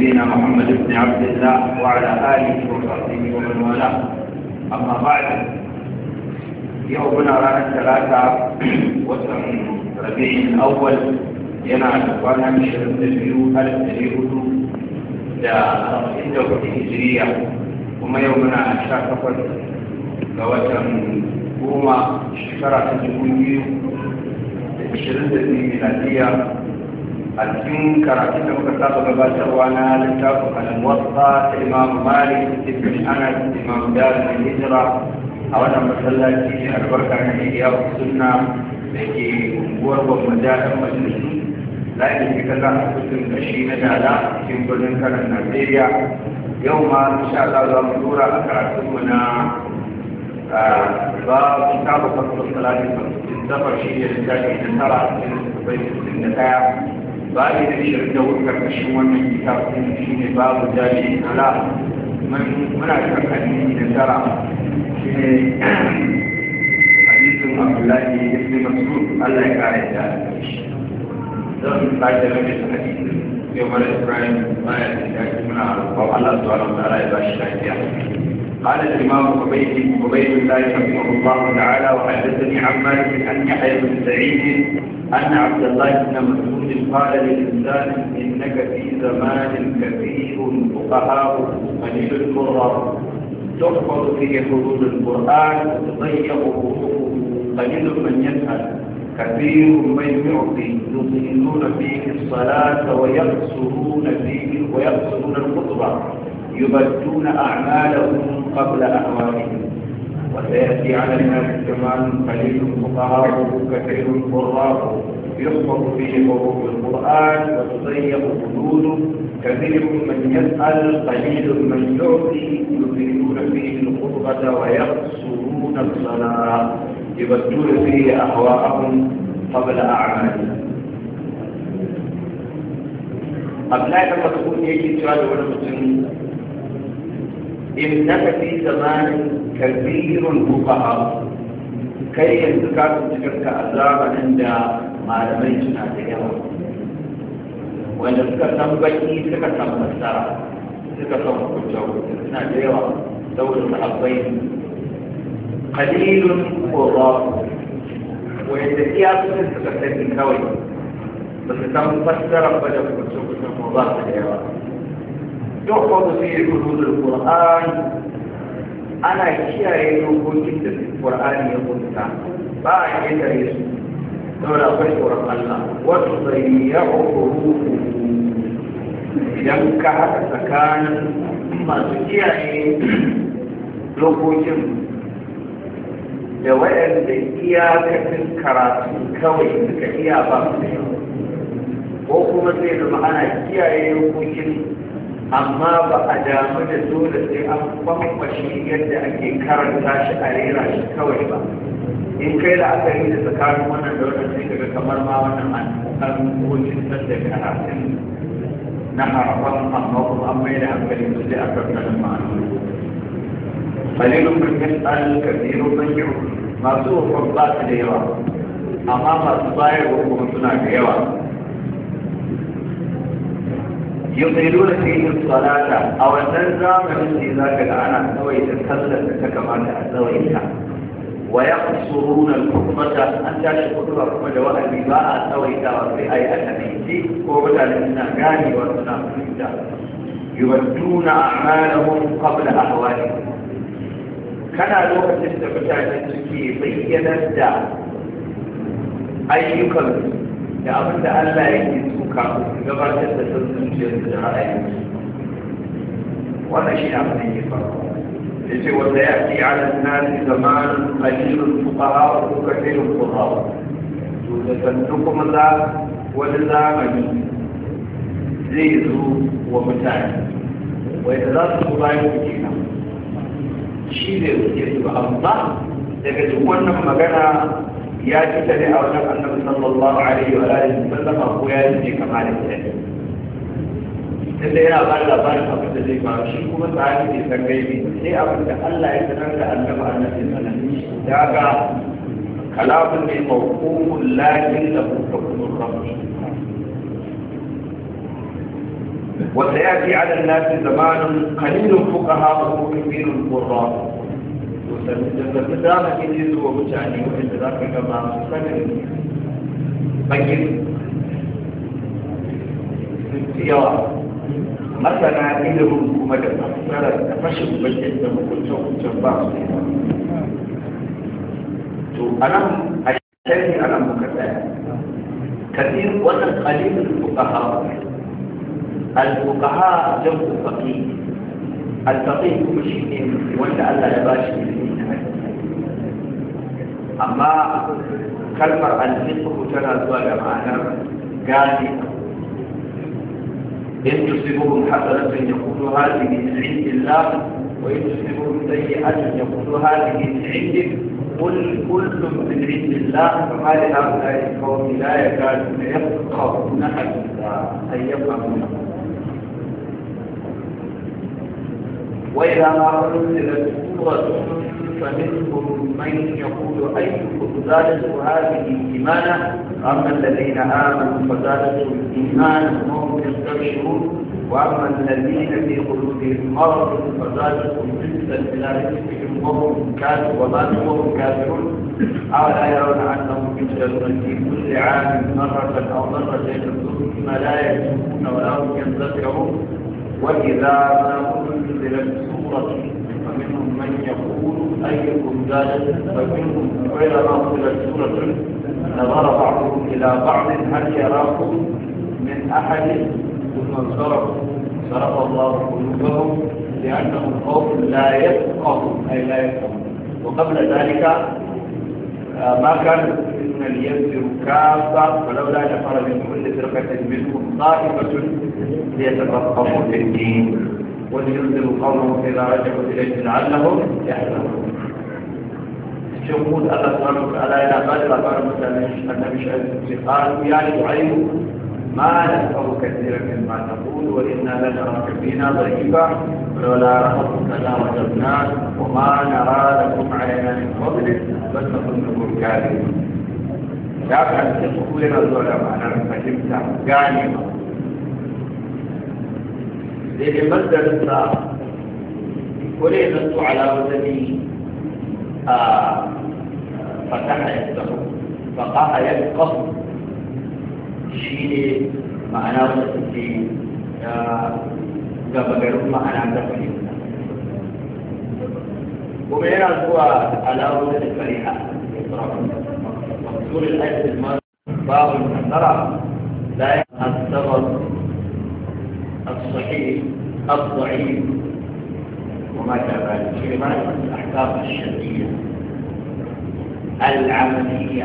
نبينا محمد بن عبد الله وعلى آله وصحبه ومن والاه أما بعد يومنا رانا الثلاثة وسم ربيع الأول ينعى تقوانا من شرم تجميل ألف الى لإنه الهجرية وما يومنا أشهر فقط لوسم قومة شكرة تجميل 22 a cikin karatun da muka saba gabatarwa na littafin al-muwatta ta imam malik ibn anas imam dar na hijira a wannan masallaci ne albarka na iya sunna da ke unguwar babban da majalisu layin da kalla a kusur da shi na dala cikin birnin kanan najeriya yau ma insha Allah za mu dora a karatunmu na ba su taɓa fasfasa lalata sun zafar shi ne da tashi da tara a cikin bai da ɗaya babi da shi da wuce karkashin wannan kitabun shi ne babu jari ala muna kakanni da tara shi ne hadisin abdullahi ibn mas'ud Allah ya kare da zan sake rage da hadisin yau mara ibrahim baya da shi muna roƙon Allah zuwa wa ya ba shi lafiya قال الإمام عبيد عبيد الله رحمه الله تعالى وحدثني عن مالك أن يحيى بن سعيد أن عبد الله بن مسعود قال للإنسان إنك في زمان كثير فقهاء قليل القرى تحفظ فيه حدود القرآن وتضيع حقوقه قليل من يسأل كثير من يعطي يطيلون فيه الصلاة ويقصرون فيه ويقصرون الخطبة يبدون أعمالهم قبل أهوالهم وسيأتي على الناس كمان قليل فقراءه كثير قراء يحفظ فيه حروف القرآن وتضيق حدوده كثير من يسأل قليل من يعطي يثيرون فيه الخطبة ويقصرون الصلاة يبدون فيه أهواءهم قبل أعمالهم Abdullahi لا Mas'ud يجي cewa da wani إنك في زمان كبير الفقهاء كي يمتكاك تكرك أذاب عند ما لم يجنا تيوم وإن تكرك تنبكي تكرك تنبسر تكرك تنبكتو تكرك تيوم دور الحظين قليل وضاق وإن تكرك تنبكي تكرك تنبكي بس تنبسر بجب تكرك تنبكتو ya في حدود القرآن أنا كيا يقول في القرآن يقول بعد Allah. دولة بشورة ya وتضيع حروفه idan ka haka tsakanin masu kiyaye dokokin, da iya kafin karatu kawai suka iya ba su ko kuma zai zama ana kiyaye dokokin. amma ba a damu da dole sai an kwamfashi yadda ake karanta shi a rera shi kawai ba in kai da aka yi da tsakanin wannan da wannan sai daga kamar ma wannan an kan kocin da karatun na harafan amma kuma an mai da hankali su sai a karkarin ma'anoni qalilun min tsarin kathirun min yau masu ba su da yawa amma masu bayarwa kuma suna da yawa yuqiluna fihi salata a wannan zamanin ne zaka ga ana tsawaita kallon da ta kamata a tsawaita wa yaqsuruna al-khutbata an tashi khutba kuma da wa'azi ba a tsawaita wa sai ayi annabi ko mutane suna gane wa suna fahimta yuwadduna a'malahum qabla ahwalihim kana lokacin da mutane suke bayyanar da ayyukansu da abin da Allah yake so kafin su gabatar da sun zuciyarsu da ra'ayinsu wannan shi abin da yake faruwa ya ce wanda ya ce ala nasi zamanin kalilun fuqara ko kalilun fuqara to da sannu kuma za wani zamani zai zo wa mutane wai da za su bayan ku nan. shi ne suke su amma daga duk wannan magana ya ci ta a wajen annabi sallallahu alaihi wa alihi sallama ko ya yi ne kama da ita tunda yana ba da labarin abin da zai faru shi kuma tsari ne san gaibi sai abin da Allah ya sanar da annabi annabi sallallahu alaihi wa da haka kalamun ne mawqufun la illa hu rabbi وسياتي على الناس زمان قليل الفقهاء وكثير القراء da dama ke zai zuwa mutane wanda za ka gaba su sanin bakin yawa masana ilimin kuma da masarar da fashin bakin da hukuncin ba su to nan a shari'a anan muka tsaya kadir wannan kalilin hawa. al-fukaha jan fukaki التقيت التقيه شيء وانت ألا لباشي أما كلمة ألزقه ترى الزوال معنا قال إن تصيبهم حسنة يقول هذه من عند الله وإن تصيبهم سيئة يقول هذه من عند قل كل من عند الله فما لهؤلاء القوم لا يكادون يفقهون احد أن يفهمون وإذا ما أنزلت سورة فمنهم من يقول أيكم زادت هذه إيمانا أما الذين آمنوا فزادتهم إيمانا وهم يستبشرون وأما الذين في قلوبهم مرض فزادتهم رجسا إلى رزقهم وهم كافرون وماتوا وهم كافرون أولا يرون أنهم يجلسون في كل عام مرة أو مرتين ثم لا يكتبون ولا هم ينتفعون وإذا أنزلت سورة فمنهم من يقول أيكم ذلك فمنهم غير أنزلت سورة نظر بعضهم إلى بعض هل يراكم من أحد ثم انصرفوا صرف الله قلوبهم لأنهم قوم لا يفقهون أي لا يفقهون وقبل ذلك آه، ما كان كنا لينفروا كافة ولولا نفر من كل فرقة منهم طائفة ليتفقهوا في الدين ولينذروا قومهم إذا رجعوا إليه لعلهم يحذرون شهود الله سبحانه وتعالى إلى بدر قال مثلا النبي شعيب قال يا شعيب ما يعني نفهم كثيرا مما تقول وإنا لنراك فينا ضعيفا ولولا رحمتك وجدناك وما نرى لكم علينا من فضل بل نظنكم كاذبين da aka halitta su kuma yana zuwa da ma'anar fahimta gane ba daidai mazdarinsa ko ne zan su alamu da ni a fataha ya tsaho fataha ya tsaho shi ne ma'ana wanda suke gaba garin ma'ana ta fahimta kuma yana zuwa alamu da ni fariha ya tsaho طول الأجل المرض بعض المحترم لا يفهم الصحيح الضعيف وما كذلك معرفه الأحكام الشرعية العملية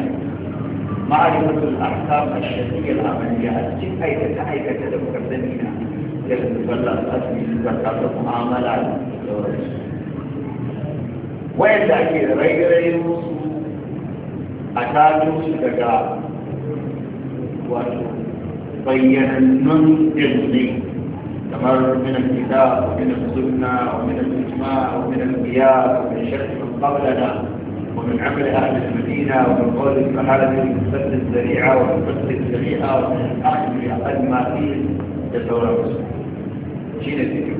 معرفة الأحكام الشرعية العملية التي اي أيكة لمقدمينا كيف تبلغ الأسمي زكاة المعاملات وإذا غير ريغري a tajo shi daga wato bayyanannun ilmi kamar min ومن kitab ومن min al-sunna wa min al-ijma' ومن عمل أهل المدينة ومن قول المحالة المسلسة الزريعة والمسلسة الزريعة ومن في بأقل ما فيه للدورة المسلمة جينا الفيديو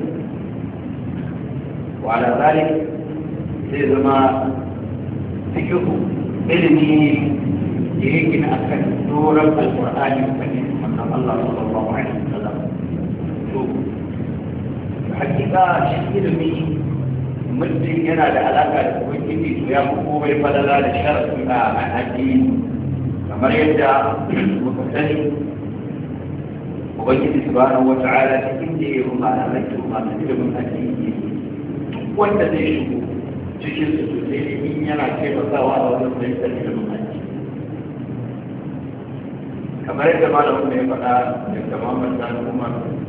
وعلى ذلك زي ما فكره ilimi da yake na akan doron alƙur'ani kan manzon Allah sallallahu alaihi wasallam to hakika shi ilimi mutum yana da alaƙa da ubangiji to ya fi komai falala da sharafi a addini kamar yadda muka sani ubangiji subhanahu wata'ala cikin da ya yi umarna mai ilimin addini wanda zai shigo cikin su ne in yana taimakawa da wajen da ya sani da mamaki kamar yadda ma da ya faɗa da tamamin da kuma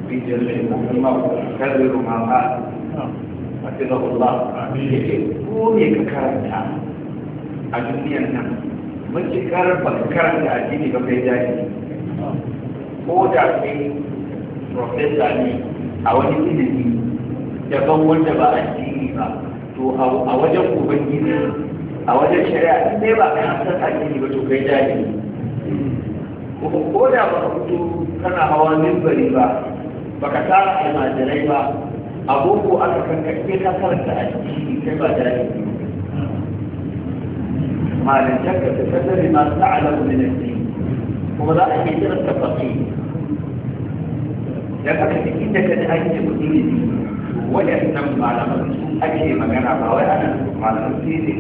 rijiyar da ya kuma karbe ruma ba a Allah ya ce ko ne ka karanta a duniyar nan mace karar ba ka karanta a jini ba kai jari ko da kai profesa ne a wani ilimi daban wanda ba a jini ba to a wajen ubangiji a wajen shari'a sai ba ka san addini ba to kai jahili kuma ko da ba ka fito kana hawa mimbari ba ba ka tara almajirai ba boko aka kankace ka karanta addini kai ba jahili malantarka ta tattare masu ta'alamu min addini kuma za a ke ta ka da haka duk inda ka ji an ce ilimi waɗannan malaman su ake magana ba wai ana malaman fizik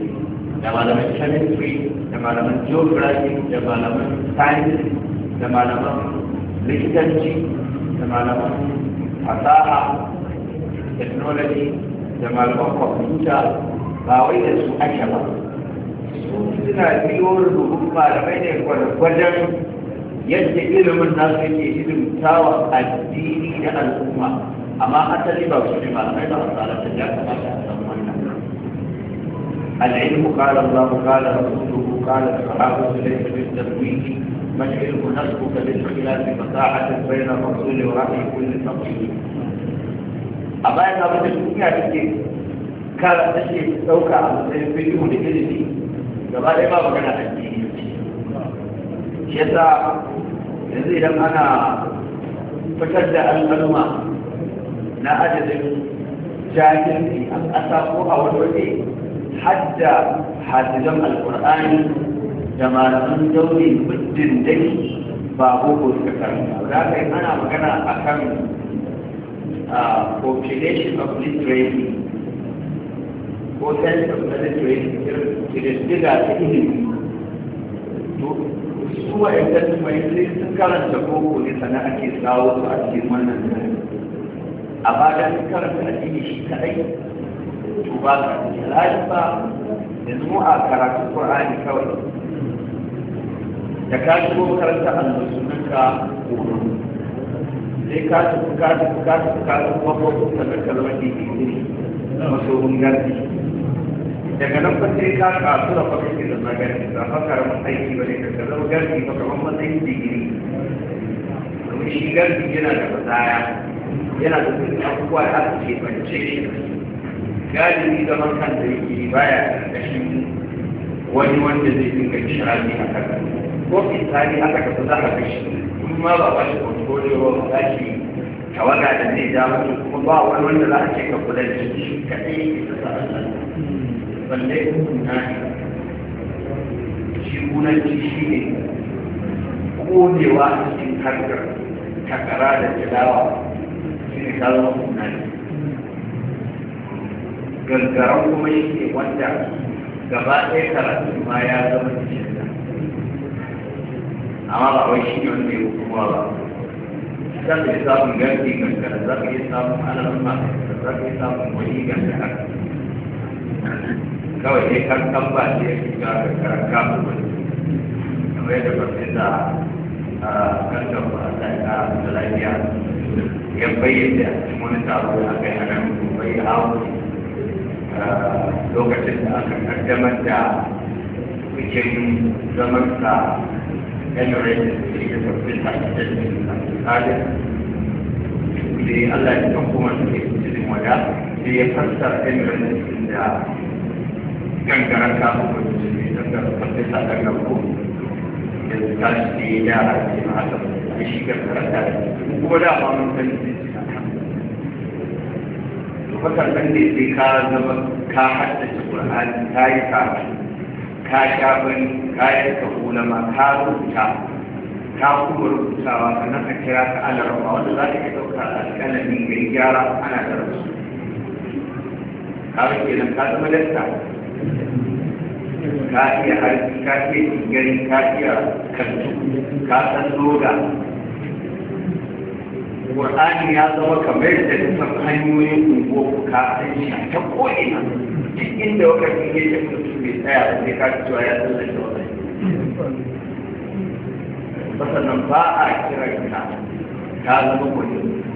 da malaman chemistry da malaman geography da malaman science da malaman likitanci da malaman fasaha technology da malaman kwamfuta ba wai da su ake ba su suna biyo rubutun malamai ne wajen. yadda ilimin su yake hidimta wa addini da al'umma amma asali ba su ne malamai ba a tsarar ya kamata a san wannan العلم قال الله قال رسوله قال الصحابة ليس بالتمويل مشعلك نفسك للخلاف مساحة بين الرسول ورأي كل تقليد أما أنا بدل الدنيا تجي كانت تشي تسوك على الفيديو لإلتي gaba ɗaya ba magana addini yasa yanzu idan ana fitar da al'aluma na adadin jahilci a ƙasa ko a wani waje hadda hadisan alƙur'ani da malaman daure muddin dai ba boko suka karanta za ka yi ana magana a kan population of literacy ko sense of literacy kiristiga ta su wa'yantar mai sai sun karanta ko ne sana ake tsawo su a cikin wannan a bada sun karanta cikin shi kadai to ba ka alhaji ba yanzu a karatu qur'ani kawai da ka ko karanta a sunan ka koyo sai ka tafi ka tafi ka tafi ka tafi ko ko ka ka ke ko maso hungarci daga nan ba sai ka kasu da fakin da zama gani ba fa karamin aiki ba ne ka zama gani ba kamar matsayin digiri domin shi gani yana da fasaya yana da duk abubuwa da aka ce bance shi galibi zaman kan da yake baya karkashin wani wanda zai dinga shirafi a kan ko fitari aka kasu za a kashi kuma ba ba shi portfolio ba za shi tawaga da zai ja mutu kuma ba wani wanda za a ce ka kula da shi kaɗai da sa'an balle hukun nashi shi kunanci shi ne kodewa a cikin harkar takara da tilawa shi ne kawo hukun nashi gaggaran kuma shi wanda gaba ɗaya karatu ma ya zama cikin amma ba wai shi ne wanda ya hukuma ba za ka iya samun garki gangara zan ka iya samun alamun ma zan ka iya samun wani gangara kawai ne kan kan ba shi ya shiga ga karanta su wani kamar yadda farfesa a kan kan ba a sai ka da lafiya ya bayyana a cikin wani taro da aka yi a nan bai lokacin da aka kaddamar da bikin zaman sa generated cikin farfesa a cikin da Allah ya kan kuma su ke cikin wada sai ya fassara generated da gangaren kafin kwanci ne gangaren kwanci sa gangaren ko da ta shi ne yara ke ma'asa da shi gangaren da kuma da ma mun san shi to fatar nan ne sai ka zama ka haddace Qur'ani ka yi karatu ka sha bani ka yi ka ma ka rubuta ka kuma rubutawa sannan ka kira ka alarma wanda za ka ɗauka alƙalamin gari gyara ana da rasu ka rike nan ka zama dakta ka iya harki ka iya tingari ka iya kantu ka san loda Qur'ani ya zama kamar da dukkan hanyoyin ungo ka san shi ta ko'ina duk inda wakati ya ce mutum mai tsaya da sai ka cewa ya san da shi wannan sannan ba a kiran ka ta zama kwanin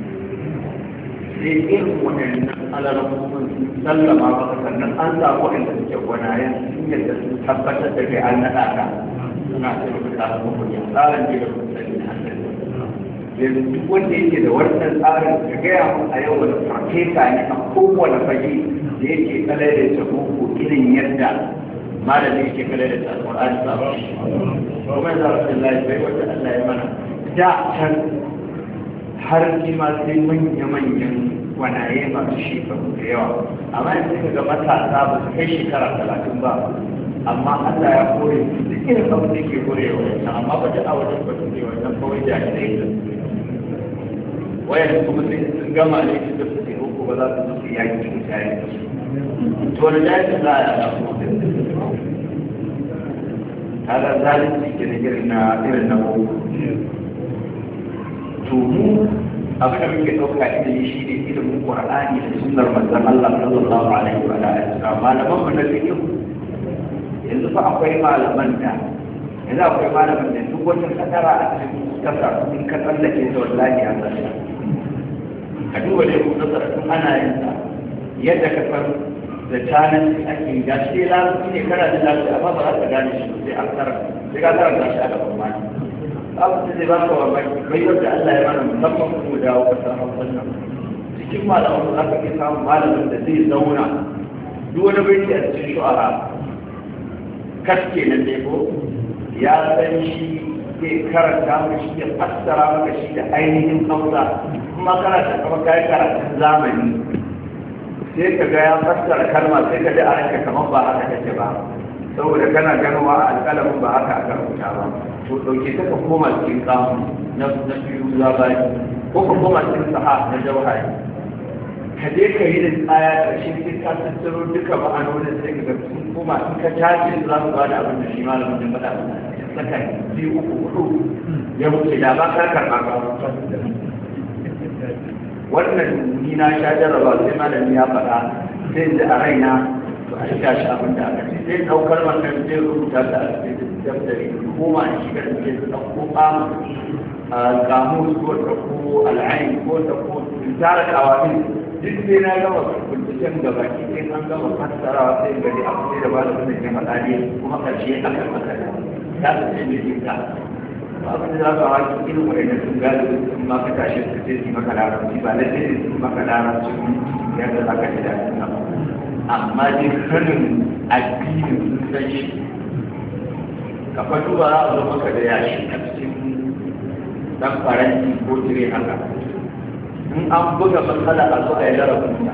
sai irin waɗannan alarmumin sallama maka sannan an sa waɗanda suke gwanayen sun yadda sun tabbatar da kai an naɗa ka suna sai maka tsara ya tsarin da ya sani na hankali duk wanda yake da wannan tsarin ka gaya mu a yau wani farfesa ne a kowane fage da yake kalai da ta boko irin yadda malami yake kalai da ta alƙur'ani ba. Kuma yanzu a lafiya Allah ya mana da can har kima sai manya-manyan gwanaye masu shekaru da yawa amma yanzu ka ga matasa ba su kai shekara talatin ba amma Allah ya kore su duk irin abu da ke kore wa yanzu amma ba da ba su ne wannan kawai jahilai da su wayar kuma sai sun gama ne su da su ke uku ba za su zo su yaki mutane da su to wani jahilai za a yada kuma kaga zalunci ke na irin na boko to mu abu da muke ɗauka ilimi shi ne ilimin ƙwarani da sunnar manzon Allah sallallahu alaihi wa sallam malaman mu na fiƙi yanzu fa akwai malaman da yanzu akwai malaman da duk wata kadara a cikin kasa in ka tsallake da wallahi an kasa a duba da yau kasa tun ana yin sa yadda ka san da tanan ake gashi dai larabci ne kana da larabci amma ba za ka gane shi sai an tsara sai ka tsara gashi a gaban mani abu da zai ba ka mamaki bai yadda Allah ya mana musamman mu dawo kasar Hausa nan cikin malaman za ka iya samun malamin da zai zauna duk wani baiti a cikin shu'ara kaske na ko ya san shi ke karanta maka shi ya fassara maka shi da ainihin Hausa kuma karanta kuma kai karatun zamani sai ka ga ya fassara kalma sai ka ji a ranka kamar ba haka take ba saboda kana ganowa a alƙalamin ba haka aka rubuta ba Ko dauke ta ka koma cikin kamu na na biyu za ba ko ka koma cikin sa'a na jawhari ka je ka yi da tsaya ƙarshen sai ka tattaro duka ma'anonin sai ka ga sun koma in ka tashi za su ba da abin da shi malamin da faɗa saka biyu uku hudu ya wuce da ba ka karɓa ba. wannan ni na sha jarraba sai malami ya faɗa sai da a raina to a shiga shi abin da aka ce zai daukar wannan zai rubuta da daftari hukuma a shigar da ke ko ko ta duk sai na gama binciken da baki sai an gama fassarawa sai gari a da ba da ya faɗa kuma ƙarshe ta da za ka sun gado sun maka su su maka ba maka larabci za ka amma dai sanin addinin sun san shi ka faɗi ba a zo maka da yashi a cikin dan faranti ko jire haka in an buga matsala a zo a yi kuma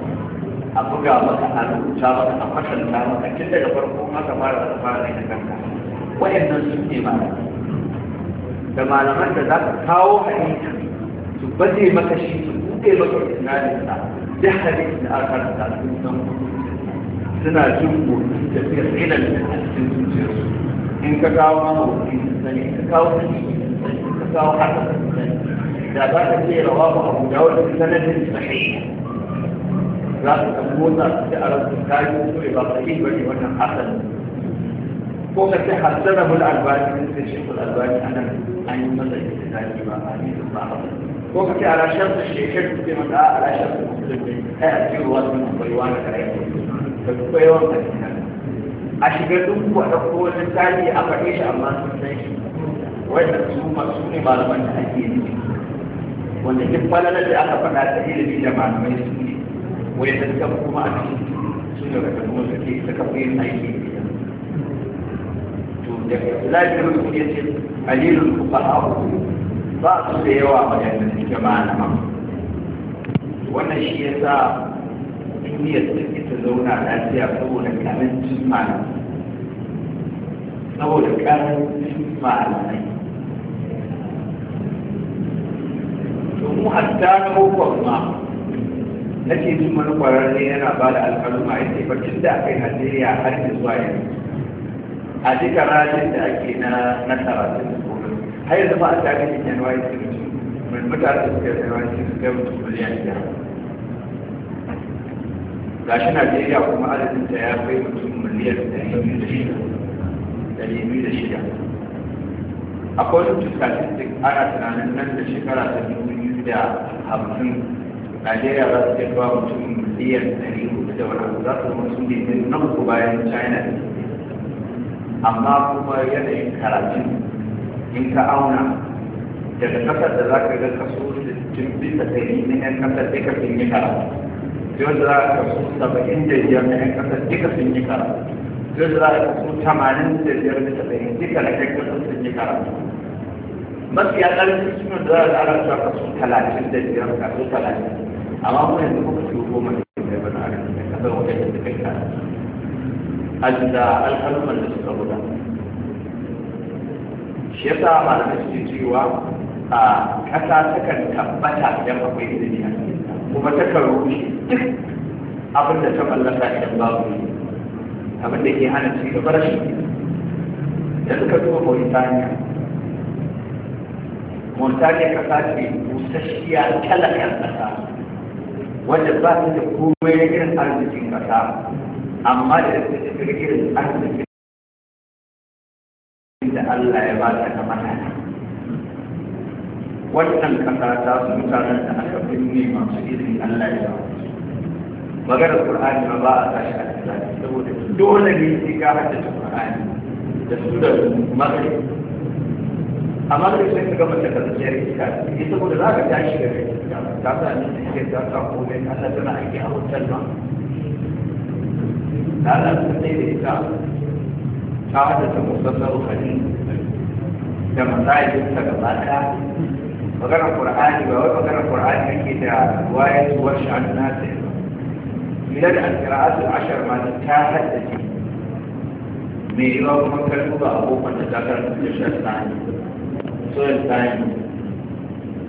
a buga maka a rubuta maka a kwatanta maka tun daga farko maka fara da fara da kanka wayannan sun ne malamai da malaman da za ka kawo hadisi su baje maka shi su buɗe maka isnadin sa duk hadisi da aka karanta sun san suna jin gobe da suka tsinan da cikin su in ka kawo mahaukaci su sani ka kawo sani ka kawo haka su sani da za ka ce rawa ba abu da wani sanadin sahihi za su kan motsa su da aran su kayi su ba ka ba ne wannan hasan ko ka ce hasana bul albani da shi kula albani nan, an yi masa ittifaqi ba a yi ba ko ka ce ala su shekaru ke mata ala shartu musulmi kai a cikin ruwa sun kwaiwa da kayan musulmi da kuma yawan hadisa a shiga duk wata ko littafi a faɗe shi amma sun san shi wanda su masu ne malaman da ake yi wanda duk falalar da aka faɗa ta yi da da malamai su ne wanda suka kuma a cikin su ne daga kuma suke suka fi yin aiki to da lafiyar su ne ce alilun kuka haku ba su da yawa wajen da suke malama wannan shi ya sa duniyar da ita zauna lafiya saboda karancin malamai saboda karancin malamai domin hatta na hukun ma nake jin wani kwararre yana ba da alƙaluma ya ce bakin da aka yi najeriya har da zuwa yanzu a duka rajin da ake na na karatun har yanzu ba a tafi da yanwa ya ce mutum mutane da suka yi yanwa ya ce su kai mutum miliyan biyar gashi najeriya kuma adadin ta ya kai mutum miliyan ɗari biyu da shida a to statistics ana tunanin nan da shekara ta da 2050 najeriya za su kai ba mutum miliyan ɗari 400 da wani za su zama sun ne na uku bayan china amma kuma yanayin karatun in ka auna daga ƙasar da za ka ga kaso 60 bisa 100 na 'yan kasar sai ka yi karatu Yanzu za a kasu saba'in da biyar na yan kasar duka sun yi karatu Yanzu za a kasu tamanin da biyar da saba'in duka na yan kasar sun yi karatu mafi ya ƙarfi suna da za a ƙara su a kasu talatin da biyar kasu talatin amma mu yanzu kuma su goma ne da ya bana a kasar wajen da suka yi karatu da alƙalman da suka guda shi yasa malamai suke cewa a ƙasa sukan tabbata idan akwai ilimi a cikin kuma ta karo shi duk abin da ta mallaka idan babu ne abin da ke hana ci gaba shi da suka duba Mauritania Mauritania kasa ce busasshiya talakar kasa wanda ba ta da komai na irin arzikin kasa amma da ta tafi irin arzikin da Allah ya ba ta na matata wannan kasa ta su mutanen da aka binne masu izini Allah ya maganar Qur'ani ma ba a tashi a tsari saboda dole ne sai ka haddace Qur'ani da su da magana amma da sai ka mace ka tsaya iska ne saboda za ka tashi da kai ta sa ni sai ka ta ko ne Allah tana aiki a hotel ma da Allah sai da ita ta haddace musassar hadisi da masayidin ta gaba ɗaya maganar qur'ani ba wai maganar qur'ani yake da wayar tuwar sha'an nasir idan al-qira'atu ashar ma ta haddace mai yiwa kuma karbu ba abubuwan da ta karbu da shan sani soyan sani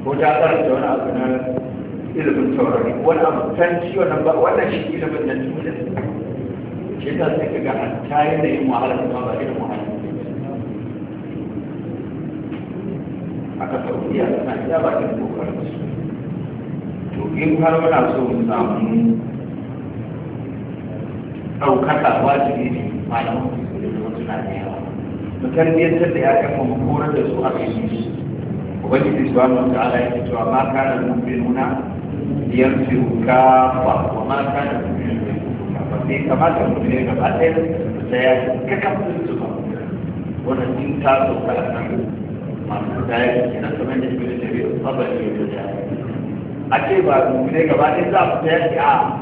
ko ta karanta wani abu na ilimin taurari wani abu kan ci wannan ba wannan shi ilimin da tuni shi ta sai ka ga hatta yanayin wahalar ma ba irin wahalar a kasar wuya suna iya ba da kokarin to in har muna so mu samu ɗaukaka wajibi ne malaman su da zama suna da yawa mu ta da ya'yan mu horar da su a cikin su ubangiji subhanahu wa ala yake cewa ma kana mu'minuna liyanfiru kafa wa ma kana mu'minuna bai kamata mu'minai gaba ɗaya da ya ka su ba wannan in ta zo ka a ce ba ne gaba ne za ku ta yaki a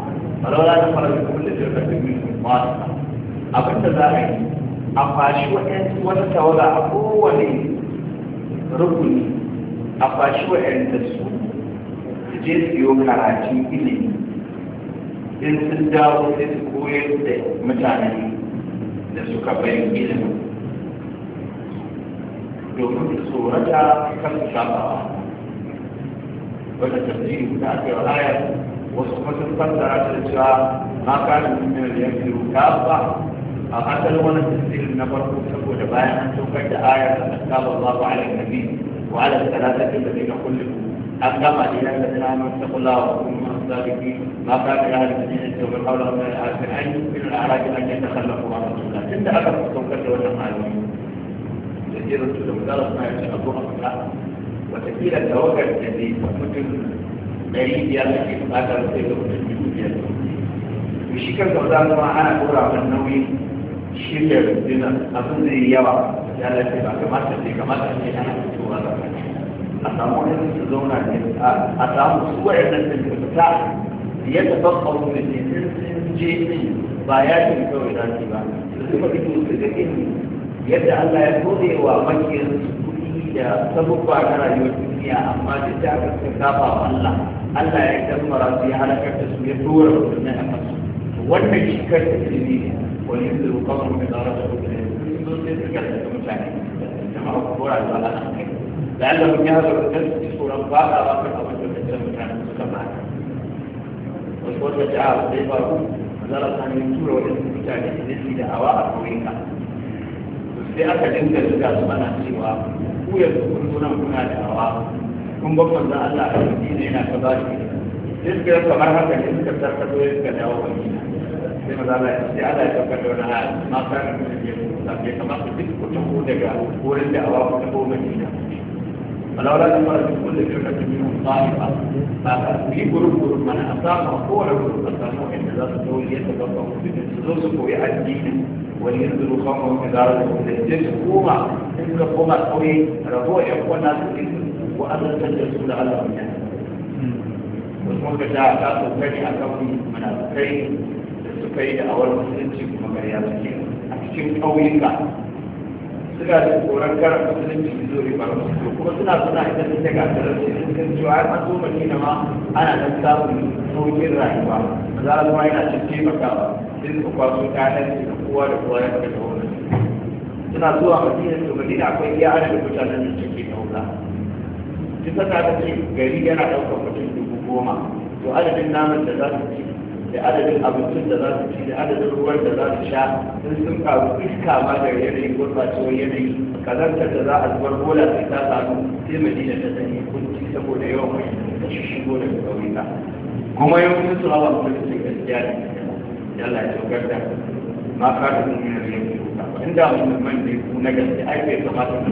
falawa na fara da kuma da jirgin da biyu masu abin da za a yi a fashi wata tawaga a kowane rukuni a fashi waɗanda su su je siyo karatu ilimi in sun dawo sai su koyar da mutane da suka bayan ilimin domin su tsorata kan su shafawa wata tafsiri da aka yi ayar wasu fasin fassara da cewa ma kana min da yake kafa a asalin wani tafsirin na farko saboda bayan an saukar da ayar da kaba Allahu ala nabi wa ala salatati da daga kullum an gama da yana da namun takula wa kuma sabiki ma ka ga ya da ne da ba kaula da al'akhir ayyukan al'araki an yatakhallaqu wa rasulullah tunda aka saukar da wannan ayoyi tafsirin su da mutane suna yace a zo a fita watakila tawagar da ne mutum ɗari biyar da ke bukatar sai ga mutum biyar shi kan ana ɗora nauyin shirya rundunar abin zai yawa ya lafi ba kamata sai kamata ana fitowa da a samu wani su zauna ne a samu su da fita ya da sun je ba ya ce kawai za su ba su su ga yadda Allah ya gode wa makiyar kuɗi da sabubba na rayuwar duniya amma duk da aka suka kafa wa Allah Allah ya kammara su ya halakar da su ya dora mutum a kansu wannan shi karta ilimi ne wani yanzu da kuma mai tsara da kuma ne sun sai suka da mutane da ma ku dora da Allah an kai da Allah mun ya zama kan su tsoron ba a ba kan abin da kake mutane suka ba wasu wata ja'a zai faru zara sanin tura wajen mutane da su da awa a kauyenka sai aka dinga zuga su ana cewa ku yanzu kun zo kuna da hawa kun bakon da Allah a cikin ne na ka ba shi sai suka kamar haka ne suka zo ya suka dawo wa gina sai maza Allah ya sai Allah ya tabbata da wani hali ma kan da ke kuma sai kamar su duk kuɗin ko daga wurin da hawa ku ta goma gina alawar da fara cikin wanda shirka ta nuna tsari ba ba ka yi gurugurun mana a samu a kowane gurugurun a samu wanda za su zo yadda ba ba kuma da su zo su koyi addini wani yanzu da kuma wanda za su zo da ya ce su koma in suka koma kauye ragowa ya kwana su ne ko an zan canza su da Allah mai yana wasu kuma ka ta ta so kai a kan kuma mana kai da su kai da awar musulunci kuma gari a cikin a cikin suna da tsoron karar musulunci su zo riba to kuma suna suna ita da daga talauci sun san cewa har an zo madina ma ana nan samun saukin rayuwa za a zuwa yana cin ba sun ka kwaso kayan da kowa da kowa ya fada wani suna zuwa madina to madina akwai iya ana da mutanen da suke ɗauka duk sanda ta ce gari yana ɗaukar mutum dubu goma to adadin naman da za su ci da adadin abincin da za su ci da adadin ruwan da za su sha sun sun karu iska ma da yanayin gurɓacewar yanayi kazantar da za a zubar bola sai ta samu sai madina ta sani kunci saboda yawan mai da shi shigo ƙauyuka kuma yawancin su hawa kuma su gaskiya ne yalla ya tokar da ma ka da mun yana yin in inda mun man ne ku na gaskiya ai bai kamata mu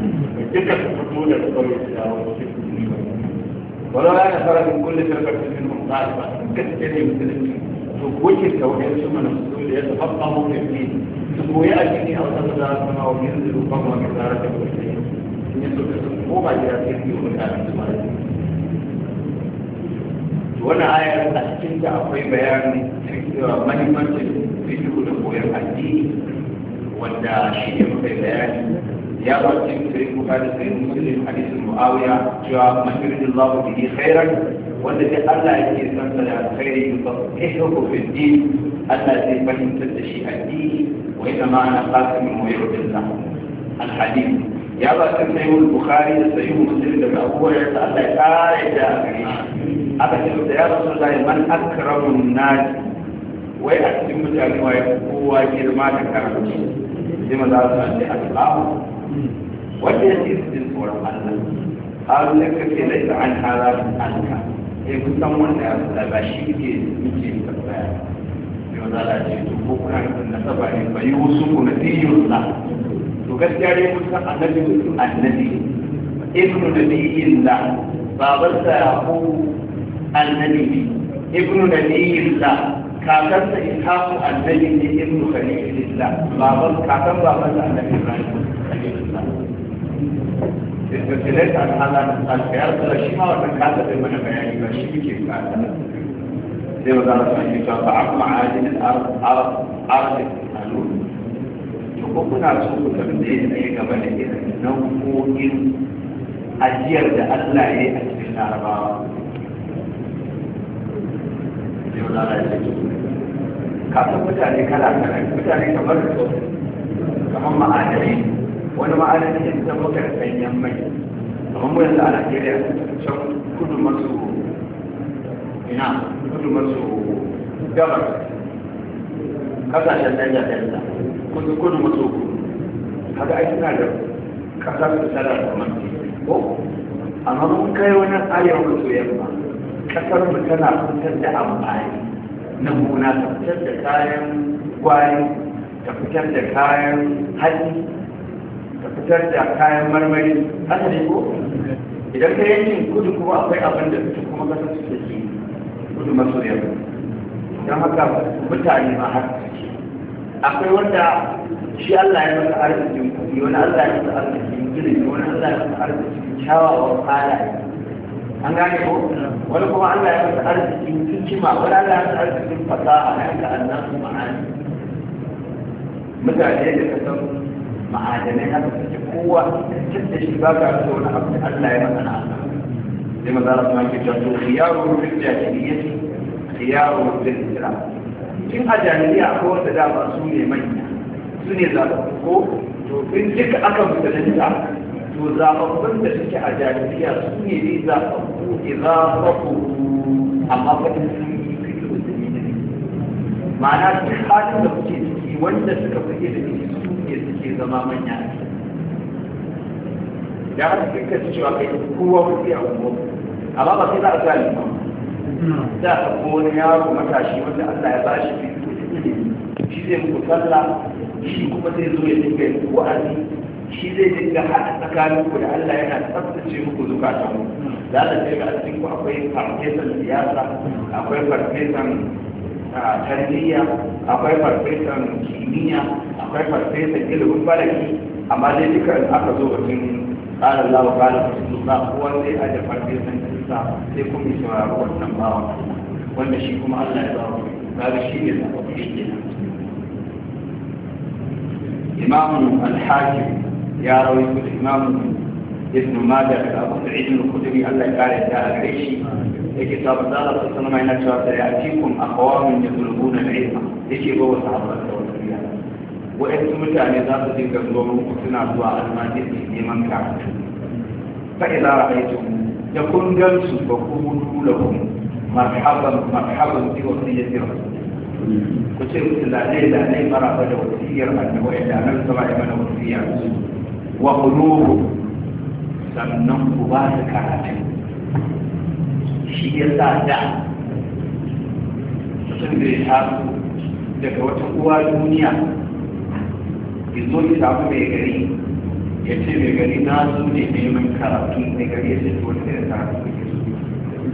duka su fito da ƙauye su dawo su ولولا نفر من كل فرقة منهم طائفة كتبت يدي مسلمين وجه التوحيد ثم المسؤول يتفقه في الدين هو يأتيني أو تبدا السماء وينزل قبل مقدارة كل شيء ينزل هو ما يأتيه يوم القيامة وانا آية أحسن تأخذ بيان من يمثل في كل قوية الدين وانت شيء يمثل بيان يا رب تنكر البخاري في حديث معاوية جاء من يريد الله به خيرا wanda duk Allah yake son sa da alkhairi yufaqihu fi din Allah zai fahimtar da shi addini wa ina ma ana qasim wa yuridna al hadith ya ba kan sai wani bukhari da sai muslim da abu ya ta Allah ya kare da gare shi aka ce da ya rasul Allah man akramun nas wai a cikin mutane wa kowa girma da karamci sai maza su ce al-amu wanda yake cikin tsoron Allah har laka ce da ita an hara an ka sai eh, kusan wanda ya fita ba shi ke muke tambaya yau za a ce to ko kuna na saba ne bai wasu ku nabiyyun la to gaskiya dai kusan annabi annabi ibnu babar sa ya yaqub annabi ibnu kakar sa ita ishaku annabi ne ibnu babar kakar babar sa annabi ibrahim silsilata al'ala da alfiyar da shi ma wannan kasa zai mana bayani ba shi muke kasa sai ba za su yi cewa ba a kuma ajin arzik alun to ko kuna so ku tafi da yadda ya gaba da irin nau'o'in ajiyar da Allah ya yi a cikin larabawa yau za a yi kasan mutane kala kala mutane kamar kamar ma'adari wani ma'ana ne ta muka da sanyan mai kamar mu yanzu a najeriya can kudu masu ina kudu masu gabar kasashen daga daga kudu kudu masu kudu haka ai suna da kasar su tara da man ko amma mun kai wani ayar maso yamma kasar mu tana fitar da amfani na gona ta fitar da kayan gwari ta fitar da kayan hatsi ka fitar da kayan marmari haka ne ko idan ka yankin kudu kuma akwai abin da suke kuma kasar su ke kudu maso yamma don haka mutane ma har akwai wanda shi Allah ya masa arzikin kuɗi wani Allah ya masa arzikin gini wani Allah ya masa arzikin kyawawan yi. an gane ko wani kuma Allah ya masa arzikin hikima wani Allah ya masa arzikin fasaha na yanka annasu ma'ani mutane da ka san ma'adanai haka suke kowa cin da shi ba ka so wani abu Allah ya masa na sai maza Allah kuma ke cewa to khiyaru bil jahiliyyah khiyaru bil islam cin a jahiliya ko wanda dama su ne manya su ne zaɓaɓɓu ko to in duka aka musulunta to zaɓaɓɓun da suke a jahiliya su ne ne zaɓaɓɓu izafaku amma fa sun yi fito da ma'ana duk halin da kuke wanda suka da ilimi su ne suke zama manya a cikin da haka suka ci cewa kai kowa kuɗi a ungo amma ba sai za a gani ba za a ko wani yaro matashi wanda Allah ya bashi ilimi shi zai muku sallah shi kuma zai zo ya dinga yin wa'azi shi zai dinga haɗa tsakanin ku da Allah yana tsaftace muku zukatan mu za ta ce ga cikin ku akwai farfesan siyasa akwai farfesan tarbiyya akwai farfesan kimiyya akwai farfesan ilimin baraki amma dai duka aka zo wa jini ƙara lawa ƙara su ba kowa zai aje farfesan kisa sai kuma su raro wannan bawa wanda shi kuma allah ya ba wa gari shi ne na ƙofi imam al-hakim ya rawi kudu imam ibn majah da abu da ilimin kudu allah ya kare a gare shi yake ta ba za a su sanama yana cewa da ya cikin akawamin da gulguna na ilma yake ba wasu haɓar da wasu biya wa'yansu mutane za su dinga zuwa muku suna zuwa almajiri neman karatu fa'iza ra'aitu da kun gansu ba ku da ku marhaban marhaban bi wasiyyati rasul ku ce musu lalai lalai ba da wasiyyar annabi da annabi sama ya mana wasiyya wa qulubu sannan ku ba su karatu shi ya sa da mutum da ya taso daga wata uwa duniya ya zo ya samu mai gari ya ce mai gari na zo ne neman karatu mai gari ya ce wani da ya karatu ya so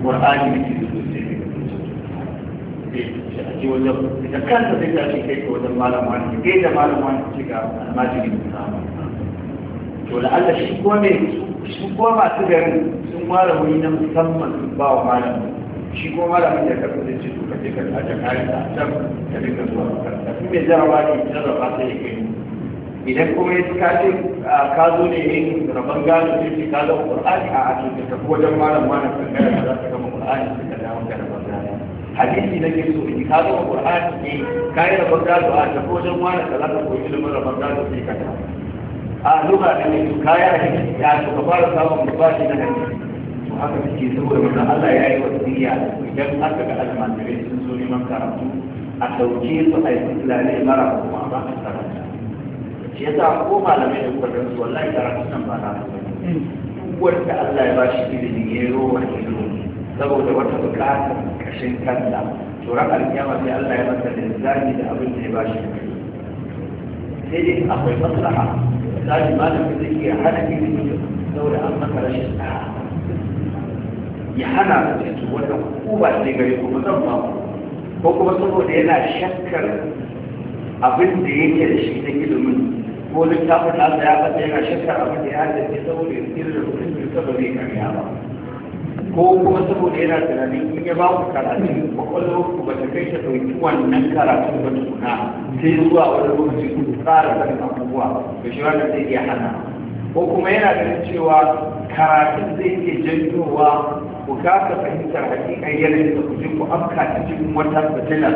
ƙwar'ani da ke so sai a ce wajen ita kanta zai tashi kai ka wajen malam wani gai da malam wani ce ga almajirin da to la'alla shi ko mai su kuma masu garin sun mara wani na musamman ba wa malamin shi kuma malamin da karfi da cikin su ka ta kare ta da can ka dinga zuwa makaranta kuma ya jarawa ne jarraba ta ya kai idan kuma ya ka ce ka zo ne yin rabon gano sai ce ka zo qur'ani a ake cikin tafi wajen malam malam kan gara da za ta gama qur'ani sai ka dawo ka rabon gano hadisi ke so in ka zo qur'ani ne eh, ka yi rabon gano a tafi wajen malam da za ka koyi ilimin rabon gano sai ka dawo a lura da ne kaya ne ya to ka fara samun bashi na hanci to haka kike saboda manzon Allah ya yi wasiya idan aka ga almajirai sun zo neman karatu a dauke su a yi lalai mara kuma ba a karanta shi yasa ko malamai da kuka dan su wallahi karatu nan ba na duk wanda Allah ya bashi ilimi ya yi rowa ilimi saboda wata bukatar kashin kanta to ran alkiyama sai Allah ya masa da zani da abin da ya bashi sai dai akwai maslaha misali malamin zai iya hana ilimi saboda an maka rashin sa'a ya hana ka ciki wannan hukuma ce gare kuma zan ba ko kuma saboda yana shakkar abin da yake da shi na ilimin ko littafin nasa ya fata yana shakkar abin da ya hada ke saboda ya tsira da mutum ya saba zai karya ba ko kuma saboda yana tunani in ya ba ku karatu kwakwalwar ku ba ta kai ta ɗauki wannan karatu ba tukuna sai zuwa wani lokaci ku tsara sanin abubuwa da shi wannan zai iya hana ko kuma yana ganin cewa karatun zai iya janyowa ku kasa fahimtar hakikan yanayin da ku ji ku afka ta cikin wata fitila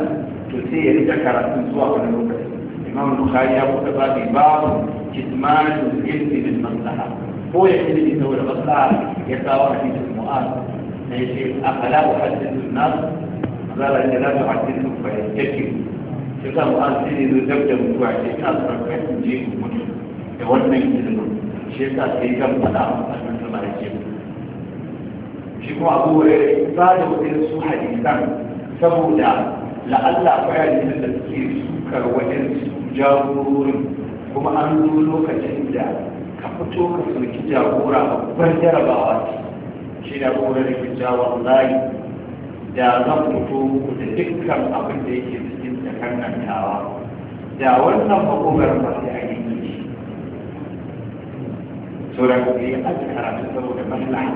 to sai ya rika karatun zuwa wani lokaci imam bukari ya buɗe babu kitmanin ilmi bil maslaha ko ya ilimi saboda maslaha ya kawo hadisin mu'az da ya ce afala uhadithu nas zara da la tuhadithu fa yake shi ka mu'az sai ne zo dab da mutuwa ce ina tsoron kai in je in mutu da wannan ilimin shi yasa sai kan fada a cikin sama da mu. shi kuma abu ya ba da wajen su hadisan saboda la'alla bayanin da suke sukar wajen su jagororin kuma an zo lokacin da ka fito ka sauki jagora babban jarabawa ce shi da kuma da ke jawo layi da zan fito da dukkan abin da yake cikin tsakankantawa da wannan makogar ba sai a yi shi sauran da ya ake karatu saboda maslaha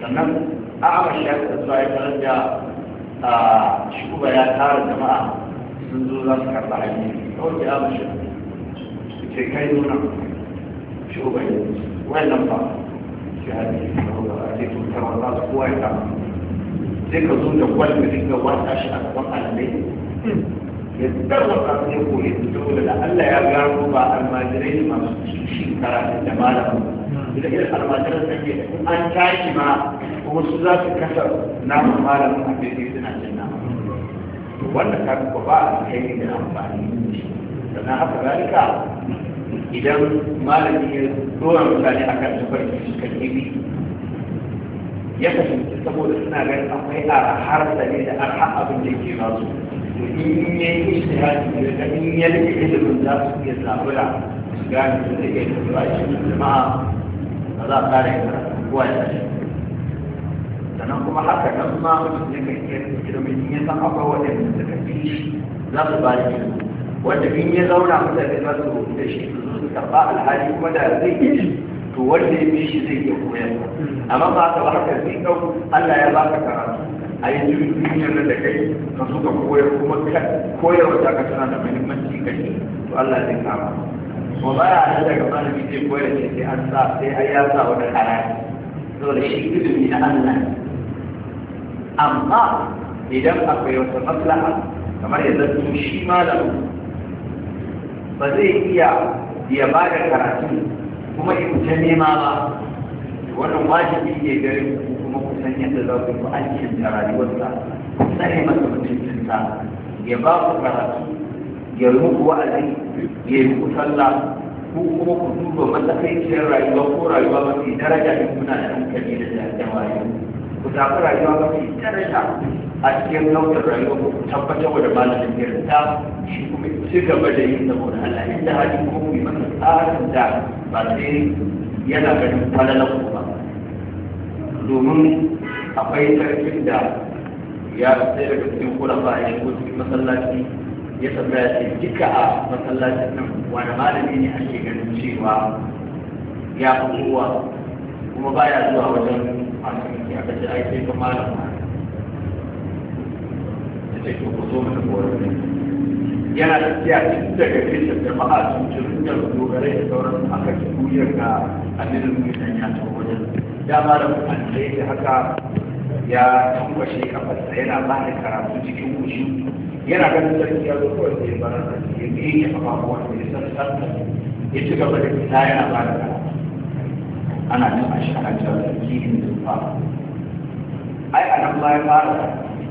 sannan a amashiyar da zuwa ya tarar da ah, shi ya tara jama'a sun zo za su karɓa hanyar kawai ya amashiyar sai kai nuna shugaban wannan ba shi hadisi na hukar ake tutar wata da kowa ya kama sai ka zo da kwalmi dinga wata shi a gaban alamai ya tarwata ne ko ya fito da Allah ya gano ba almajirai masu shi karatun da malamu da irin almajiran da ke an tashi ma kuma su za su kasa namun malamin a daidai suna cin nama ka ba a kai da amfani sannan haka zalika idan malami ya dora mutane a kan tafar kan ibi ya kasance saboda suna ganin akwai a da ne da arha abin da ke ba su to in ya yi ce da in ya da ilimin za su iya zabura su gane su da iya tafiya a cikin jama'a ba za a tsara yin kowa ya tashi sannan kuma haka nan ma mutum ya kan iya ilimin ya san akwai waɗanda suka fi za su ba da ilimin wanda in ya zauna mutane masu su da shi su karɓa alhali kuma da zai to wanda ya bishi shi zai iya koyar amma ba ka ba haka zai ɗau Allah ya baka karatu a yanzu duniyar da kai ka so ka koyar kuma koyar wata ka tana da muhimmanci kai to Allah zai kama ko ba ya hada daga malami zai koyar ce sai an sa sai ai ya sa wani karatu saboda shi ilimi na Allah amma idan akwai wata maslaha kamar yanzu zanto shi malamin ba zai iya ya ba da karatu kuma ya kuce nema ba wannan wajibi ne gare ku kuma ku san yadda za ku yi aikin da rayuwarsa ku sani masa sa ya ba ku karatu ya yi wa'azi ya yi ku talla, ko kuma ku duba matsakaiciyar rayuwa ko rayuwa mafi daraja da kuna da hankali da jami'an rayuwa ku tafi rayuwa mafi daraja a cikin nautar rayuwa ku tabbatar da malamin irin ta shi kuma ci gaba da yin da saboda Allah inda hali ko ku yi masa tsarin da ba sai yana ganin falalan ku ba domin akwai sarkin da ya sai daga cikin kula ba ya shigo cikin masallaci ya tambaya sai duka a masallacin nan wani malami ne ake ganin cewa ya fi kowa kuma baya zuwa wajen masu aka ce ai sai ka malama sai ku zo mu tafi yana tafiya tun daga nesa jama'a sun ci rinjar dogarai da sauran aka ci duniyar ga annabi mutum ya tafi wajen dama da mutane da haka ya tambashe kafarsa yana ba da karatu cikin kushi yana ganin sarki ya zo kawai sai bara sarki ya biye ya fafa ko wanda ya san sarki ya ci gaba da fita yana ba da ana cin a shi a can sarki ne zuwa ai a nan bayan fara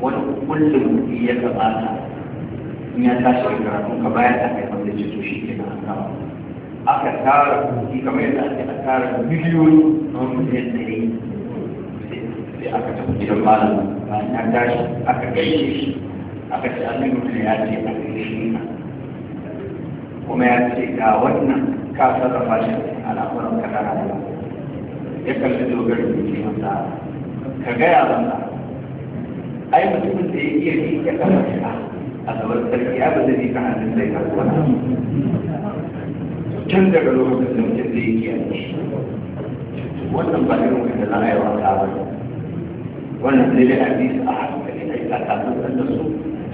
wani kullum mutum ya gabata in ya tashi da karatun ka bayan ta haifar da cito shi ke na kawo aka tara kuɗi kamar yadda ake a tara miliyoyi na wani miliyan ɗari sai aka tafi gidan malam ba ya tashi aka gaishe shi aka ce an nuna ya ce a gaishe na kuma ya ce ga wannan ka sarrafa shi a ka kadara ya kalli dogar da ke masa ka gaya masa ai mutumin da ya iya kama shi a gaban sarki abin da zai kana da zai karɓi wani tun daga lokacin da mutum ya iya wannan ba irin wanda za a yi ta ba wannan sai dai a bi su a hankali a yi tsakanin da su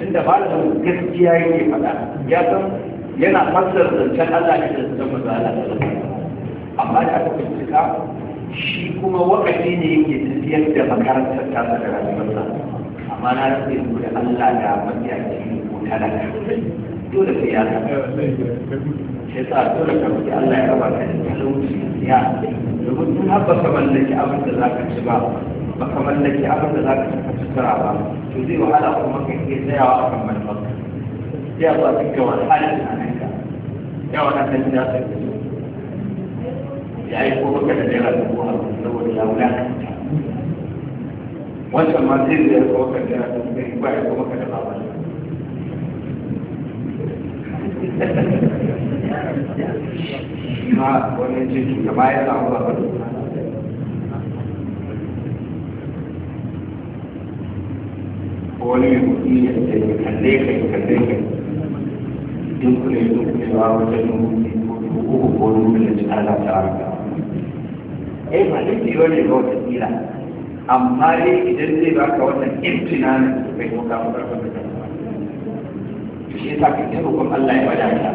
tun da ba da gaskiya yake faɗa ya san yana fassar zancen Allah ne da zama maza Allah da amma da aka bincika shi kuma wakati ne yake tafiyar da makarantar tasa da sa amma na rasa yanzu da Allah da mafiya da shi ko talaka dole sai ya shi sa dole ka roƙi Allah ya raba ka da talauci ya domin tun har baka mallaki abin da za ka ci ba baka mallaki abin da za ka ci ka sutura ba to zai wahala kuma ka iya tsayawa a kan manufar sai a zuwa duka wani halin a nan ka yawa na kan ya yi ko baka da naira dubu hamsin saboda ya wulakanta wancan ma zai zai ko ka da mai ba ya kuma ka da baba ma wani ce da baya da abuwa ba wani mai kuɗi ya ce ya kalle ka ya kalle ka in kula ya dunkulewa wajen nufi ko dubu ko nufi da ala ta arka eh ba duk ne wani ga wata amma dai idan zai baka wannan intina ne kai kuma ka mu karfin da kuma to shi yasa kake ko Allah ya wadata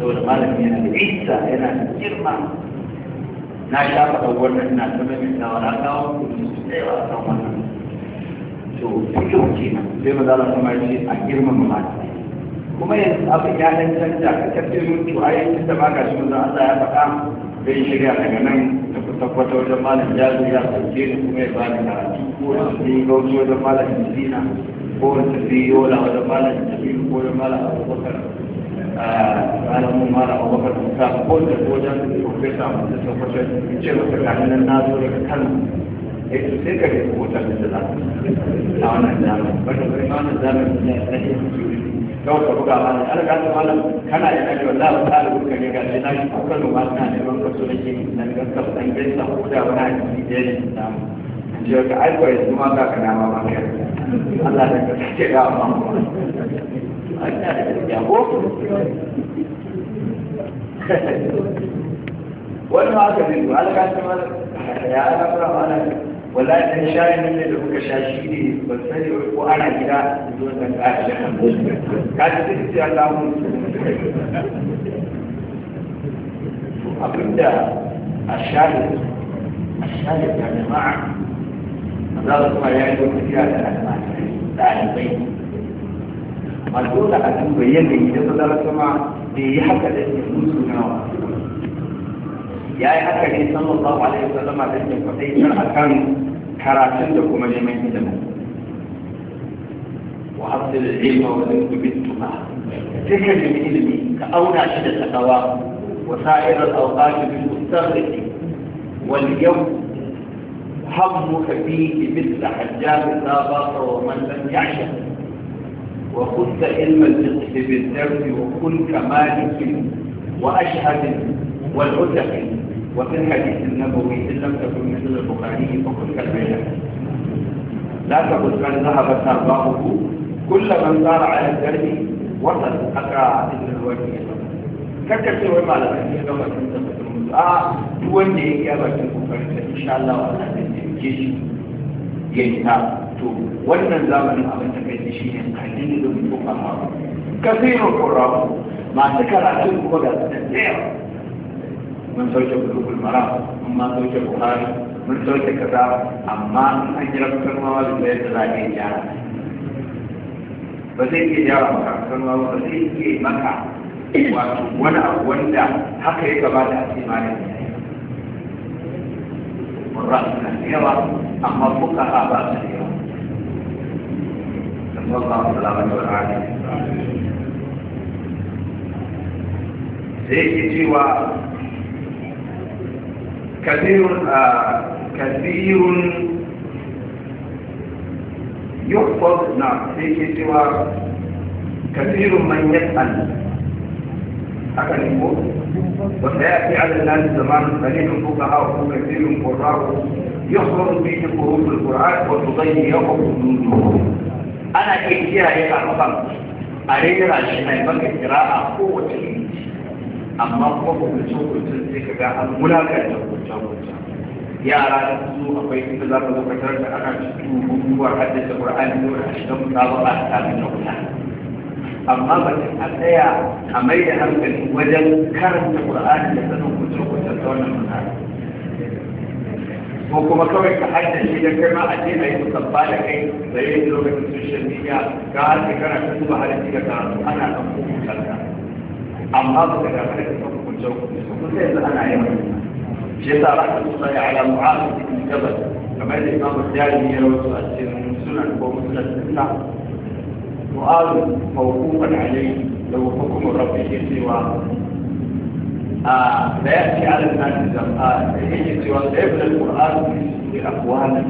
saboda malami yana da isa yana da girma na sha faɗa wannan ina ta mai tawa na kawo kuma su tsayawa a kan wannan to fikin na sai maza Allah kuma ce a mu mata kuma yanzu abin ya dan canja ka tattaro to ayyukan da baka shi za Allah ya faɗa bai shirya daga nan tabbata wajen malam jadu ya sauke ni kuma ya bani karatu ko wani tafi gauci wajen malam jisina ko wani tafi yola wajen malam jamilu ko wajen malam abubakar malamin malam abubakar musa ko da wajen profesa masu tabbatar ce masa kanin na zo daga kano yake sai ka ga hotar da za a wannan zamani wanda kai ma wannan zamani ne na iya kawai ka buga mana an ga malam kana yana da wallahi ta rubuta ne ga shi na shi ko kan ma kana neman addini nan gaskar san gaisa ko da wani addini da yake samu je ka aiko ya zuma ka kana ma maka Allah da ka ce ga amma Allah da ya ko wani ma aka bin wani ka ce mana ya ana fara mana wallahi dan shayi ne da kuka shashi ne ban sani ko ana gida zuwa kan ka ka ce Allah mu أبدا الشارع الشارع يا جماعة مدار ما يعلو في هذا الأزمان تعلمين ما تقول أن تبين لي إذا تدرس مع في حق الإنسان من يا حق الإنسان الله عليه وسلم على الإنسان فتيسا أكان كراسل لكم جميع الزمن وأصل العلم وأنت بنتها تلك الجميع المين شدة تواقب وسائر الأوقات بالمستغرق واليوم همك فيه مثل حجاب لا باطر ومن لم يعشق وخذت علم الفقه بالدرس وكن كمالك وأشهد والعتق وفي الحديث النبوي إن لم تكن مثل البخاري فكن كالبيهقي لا تقل من ذهب أرباعه كل من سار على الدرب وصل أقرأ إلى الوجه kakka ce wai malamai ne ga bakin da a duk wanda ya iya bakin kokarin da insha Allah wa zai taimake shi ya yi ta to wannan zamanin abin da kai shi ne kalli da mutum ba ma a kurabu masu karatun kuma ga su da mun sauke bulugul mara mun ma sauke buhari mun sauke kaza amma an jira kalmawa da zai da zai gyara ba zai iya gyara maka kalmawa ba zai iya maka wato wani abu wanda haka ya gaba da ake mani ƙura na yawa amma buka ba su yawa da kuma ba su labar da rani sai ke cewa kazirun a kazirun yukwa manyan alifin haka ne ko wanda ya fi ala nan zaman kalilun kuka hawa ko kalilun kurraku yahrum bihi qurubul qur'an wa tudayyi yaqulu ana iya kira ya karfan a rera shi mai kira a kowace inci amma kuma hukuncin-hukuncin sai ka ga an wulakar da hukuncin-hukuncin yara da su akwai inda za ka zo ka tarar da ana cikin hukumar haddace ƙur'ani ko da shi don mutaba a tsarin na mutane amma ba ta tsaya a mai da hankali wajen karanta qur'ani da sanin kuce kuce ta wannan manhaji ko kuma kawai ka haddace da kai ma a ce a yi musabba da kai da yin lokacin social media ga har shekara ta zuba har da karatu ana kan hukuntar ka amma ba ka gaba da kan hukuntar kuce kuce yanzu ana yin shi yasa rahmatu lillahi ala mu'az ibn jabal kamar da imam al-jari ya rawaito a cikin sunan ko musnad sunna سؤال موقوف عليه لو حكم الرب في سوى فيأتي آه، على الناس الزرقاء فيجي سوى سيبنى القرآن في بأقوال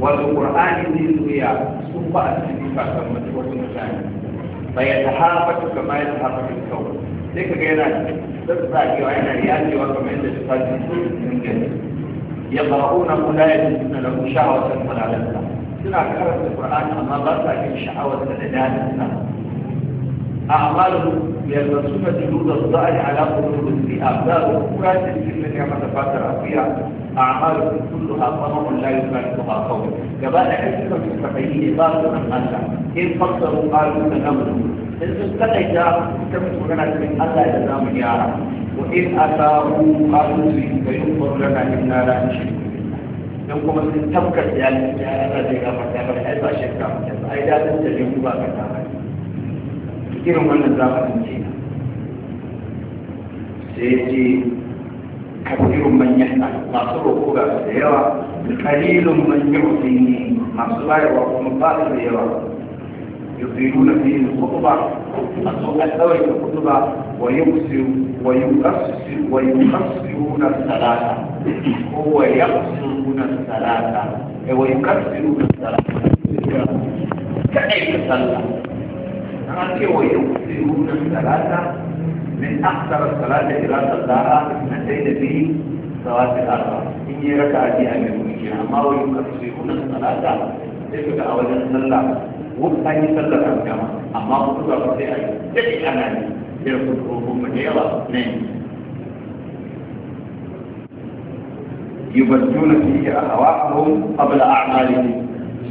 والقرآن يزوي سوف أسلم فأسلم وتمثال فيتحافظ كما يتحافظ الكون لك غيرا تبقى يعين يأتي وكما عند من يقرؤونه لا قلائد من المشاوة ولا لذة suna karatun Qur'ani amma ba sa yin sha'awar da da dalilin nan a amalu ya zarsu na jiru da su za'ai alaƙar rubin bi a zaro kura da jirgin da ya mata fatar afiya a amalu da kullu ha kwanan wallahi ba da kuma kawai gaba da kai suka ta bayi ba su nan Allah in fasa ru alu da namuru in sun kaɗaita ta fi magana cikin Allah ya zamu yara wa in aka ru alu su yi bayan kwanan na yin nara shi don kuma sun tabbatar ya yi ya yana zai gafar ta bari ai ba shi ka mutum ai da sun tafi ku ba ka ta irin wannan zamanin ce sai sai ce kafirun manyan masu roƙo ga su da yawa kalilun manyan mutum masu bayarwa kuma ba su da yawa yubiru na fiye da kuma ba الأول الخطبة ويكسر ويكسر ويكسرون الثلاثة هو يكسرون الثلاثة ويكسرون الثلاثة كأي صلى أنا ويكسرون الثلاثة من أكثر الصلاة إلى صلاها اثنتين به صلاة الأربع إني ركعتي أمير المؤمنين أما ويكسرون الثلاثة تلك أولا صلى wani ta yi sallar an kama amma kudu ba sai a yi daɗe ana ne da kudurorin mu da yawa na yi yubattuna fiye a hawa abu ahun abul a'malihim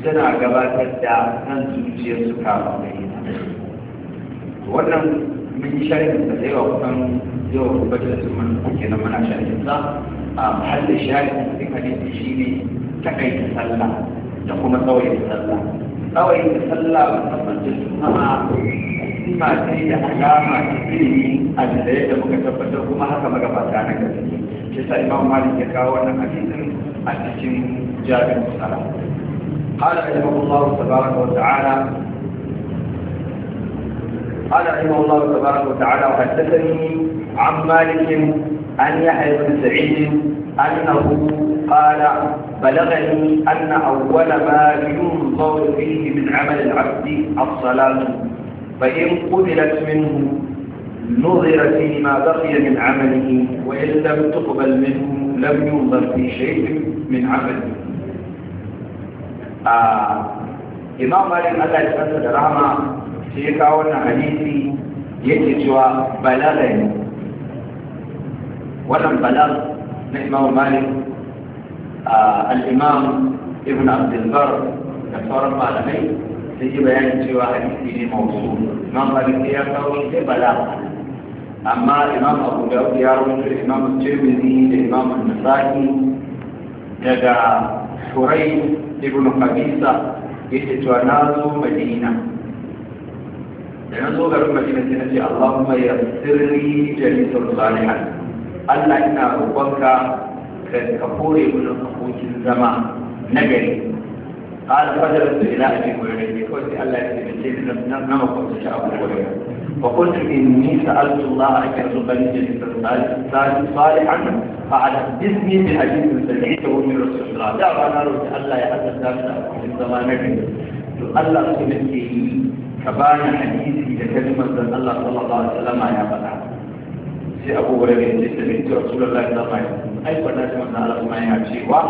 suna gabatar da kan zuciyar su kama da yin wannan mun yi sharhin da zai wa kusan yau rubuta su mun kuke nan mana sharhin sa a mahallin sharhin da kan yi shi ne takaita sallah da kuma tsawaita sallah kawai da sallah musamman da juma'a suna ce da alama ta ilimi a dalilai da muka tabbatar kuma haka magabata na gari shi sa imam malik ya kawo wannan hadisin a cikin jami'in musala قال رحمه الله تبارك وتعالى قال رحمه الله تبارك وتعالى وحدثني عن مالك عن يحيى بن سعيد أنه قال بلغني أن أول ما ينظر فيه من عمل العبد الصلاة فإن قبلت منه نظر فيما بقي من عمله وإن لم تقبل منه لم ينظر في شيء من عمله آه. إمام مالك الله يسأل الرحمة شيكا وانا حديثي يجي جوا بلغني ولم بلغت الإمام مالك آه، الإمام ابن عبد البر يفتور الفالمين سيجي بيان جوا حديث ديني موصول إمام مالك يا قول في بلاغة أما الإمام أبو داود يا رجل الإمام الترمذي الإمام النسائي جدا حريم ابن قبيصة يتتوى نازو مدينة لنزوغ المدينة التي اللهم يسر لي جليس الصالحات Allah ina roƙonka ka kore mana abokin zama na gari قال فجلست الى ابي هريره فقلت الا يكفي نما كنت شعب هريره فقلت اني سالت الله ان يرزقني جنه صالحا فحدثني بحديث سمعته من رسول الله دعوا انا رد الا يحدث ذلك في زمانك الله سبحانه كبان حديثي لكلمه الله صلى الله عليه وسلم يا بلع أبو abu wurin ya الله da minti rasulullahi na mai aikwa na shi wannan al'umma yana cewa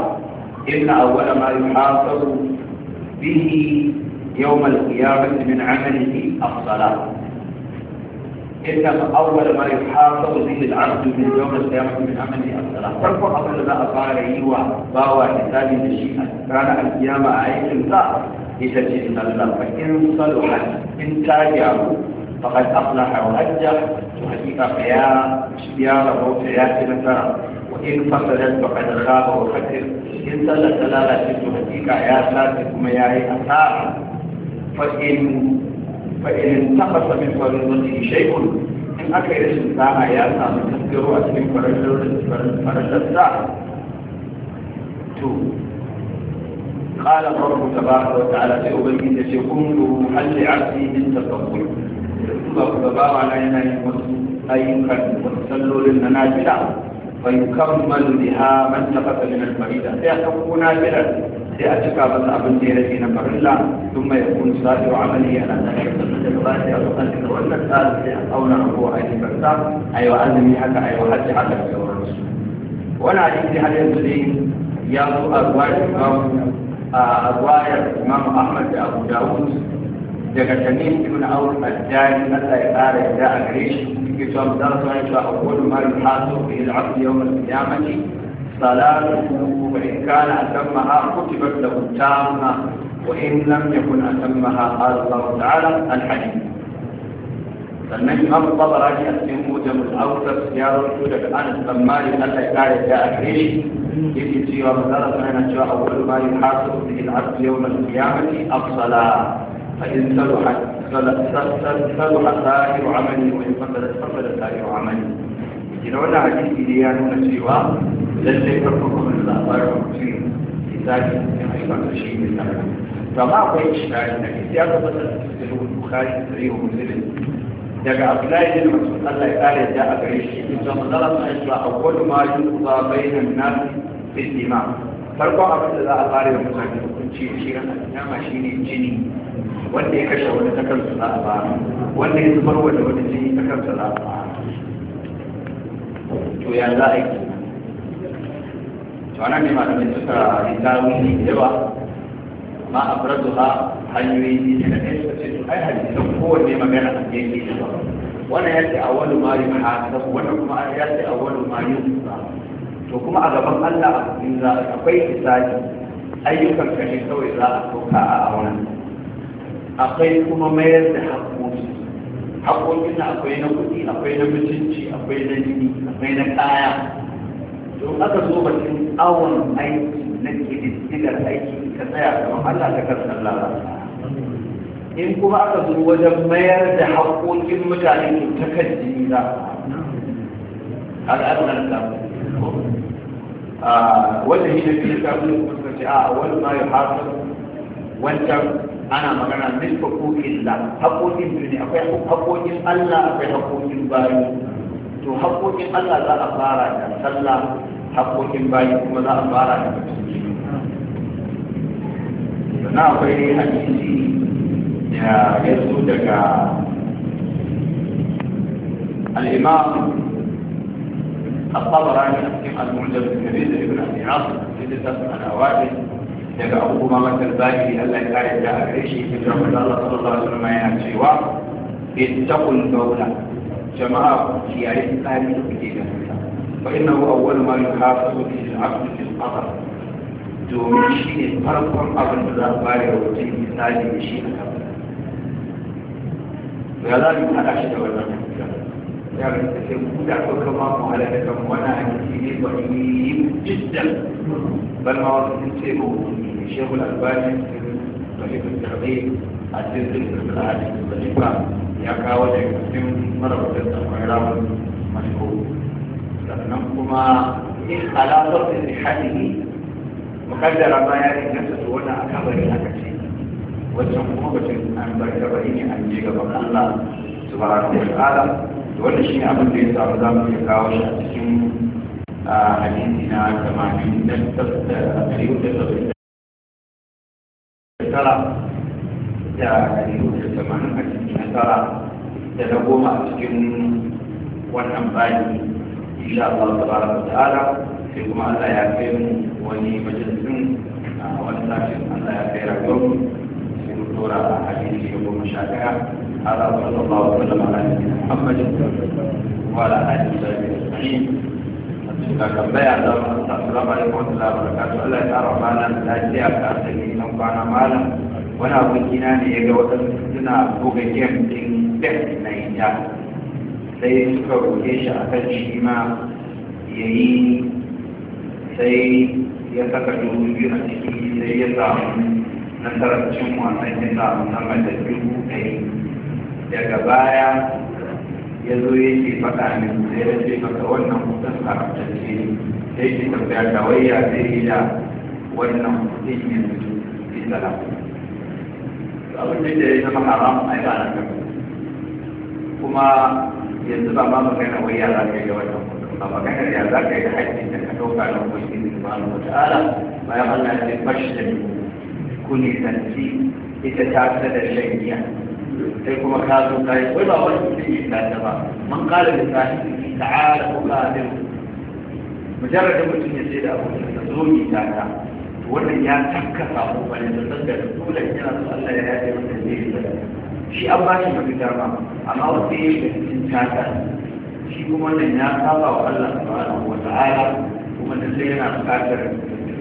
inna يوم القيامة من عمله الصلاة إنما أول ما يحافظ به العبد من يوم القيامة من عمله الصلاة فالفو قبل ما أطار إيوا باوى حساب الشيء كان القيامة عين الله إذا جئنا الله فإن صلحت إن تاجعوا فقد أفلح ونجح وحقيقة خيار اختيار وفيات نفر وإن فسدت فقد خاب وخسر إن سلت لا تجد حقيقة يا ساتكم يا أثار فإن فإن انتقص من فريضته شيء إن أكل السلطان يا سامي تذكروا أسلم فرجل قال الرب تبارك وتعالى سأبين سيكون له محل عبدي من تفضل ba ku ga bawa na yana yin wasu ayyukan wasu sallolin na nafila fa yukammalu biha man tafasa min al-farida sai a dauko nafila sai a cika masa abin da ya rage na farilla sun mai kun sa'i wa amali yana da shi daga ba sai a zo wannan tsarin sai a auna ko a yi barka a yi wa azumi haka a yi wa hajji haka da sauransu wani hadisi har yanzu ne ya zo a ruwayar a ruwayar imam ahmad da abu dawud daga tamim ibn awr al-jani Allah ya kara yadda a gare shi yake cewa da su ya ce awwal ma yuhasu bi al-abd yawm al-qiyamati salatuhu wa in kana atammaha kutibat lahu tamma wa in lam yakun atammaha qala Allah ta'ala al-hadith sannan imam tabarani a cikin mujam al-awsat ya rubuto daga anas bin malik Allah ya kara yadda a gare shi yake cewa manzara sana cewa awwal ma yuhasu bi al-abd yawm al-qiyamati as-salah فإن صلحت صلح سائر عملي وإن فسدت فسد سائر عملي إذا ولا حديث لي أن نسوى لن يفرقكم إلا غير مسلم لذلك أيضا شيء من ذلك فما هو إشكال أنك إذا قبلت تسأله البخاري صحيح ومسلم daga abdullahi bin mas'ud Allah ya kare da a gare shi in zama zara ta aisha awwal ma yuqa bainan nas bil iman farko abin da za a fara da mutane hukunci shi ran jini wanda ya kashe wani takan suna a ba wanda ya zubar wani wani jini takan su za a ba to ya za a yi to ana ne malamai suka yi tawuni da yawa ma a su ha hanyoyi ne da ɗaya suka ce to ai don kowanne magana a yanki da ba wannan ya ce a wani ma yi hasabu wannan kuma ya ce a wani ma yi to kuma a gaban Allah a cikin za akwai isaji ayyukan kashe kawai za a sauka a wannan akwai kuma mayar da haƙoƙi haƙoƙin akwai na kuɗi akwai na mutunci akwai na jini akwai na kaya to aka zo batun awon aiki na ƙididdigar aiki ka tsaya kamar Allah ta kasar lalata in kuma aka zo wajen mayar da haƙoƙin mutane to ta kan jini za a al'adunan samu ah, wanda shi da fiye samun kusurci a wani ma ya hafi wancan ana magana min haƙoƙin da hakokin duniya, akwai haƙoƙin Allah akwai hakokin bayi to hakokin Allah za a fara da sallah hakokin bayi kuma za a fara da na akwai hadisi da ya zo daga al-imam الطبراني في المعجم الكبير لابن ابي عاصم في كتاب الاوائل daga abu kuma masar zahiri Allah ya kare da a kai shi da Ramadan Allah sallallahu alaihi wasallam yana cewa ittaqul gawla jama'a ku kiyaye tsari da kuke da fa innahu awwalu ma yuhafazu bihi al-'abdu fil qadar domin shi ne farkon abin da za a bare wa mutum misali da shi a kan ya za mu haɗa shi da wannan ya ga ta ce ku da kuka ma mu halaka kan wannan hadisi ne ba ni jiddan bal ma wasu sun ce mu الشيخ الألباني صحيح التحضير السلسل الإسلام يقع وجه المسلم مرة التقرير مشهور لأنكما على ضبط لحاله مقدر ما يعني نفسه وانا أكبر أكثر وجههم بجن أن بركبين أن يجيك يجب الله سبحانه وتعالى الشيء أمن بيسا يتعرضان في كاوش أتكلم آه، حديثنا كما في نفس التقريب tara da ɗari da tamanin a cikin tara da na goma a cikin wannan bayi insha Allah tabaraka ta'ala sai kuma Allah ya kai mu wani majalisin a wani sashen Allah ya kai rayuwar sai mu dora a hadisi da goma sha ɗaya wa صلى الله وسلم على نبينا ala وعلى اله وصحبه اجمعين da tambaya da assalamu alaikum wa rahmatullahi wa barakatuh Allah ya tsara malam lafiya ta asali nan kwana malam wani abokina ne ya ga waɗansu suna buga game din bet na ita sai suka roƙe shi a kan shi ma ya yi sai ya saka dubu biyu a ciki sai ya samu nasarar cin wasan ya samu sama da dubu ɗari daga baya ya zo yake faɗa ne sai ya ce maka wannan mutum a ne sai ki tafiya da waya zai yi da wannan mutum yanzu islam abin da ya zama haram a yi ranar kuma yanzu ba ma magana waya za ka yi da wannan mutum ba magana ya za ka yi da haƙƙin da ka ɗauka na ubangiji subhanahu wa ta'ala bayan Allah ya ce fashe ku nisanci ita ta da shan giya sai kuma ka zo ka yi wai ba wani mutum ne ta ta ba man kare da ta ala ko kafin mujarradin mutum ya ce da abu da zo yi ta ta wannan ya takka sako bane da sanda da dole yana so Allah ya yaje wannan ne da shi an ba shi mafitar ma amma wanda ya shiga ta ta shi kuma wannan ya saba wa Allah subhanahu wa ta'ala kuma da sai yana bukatar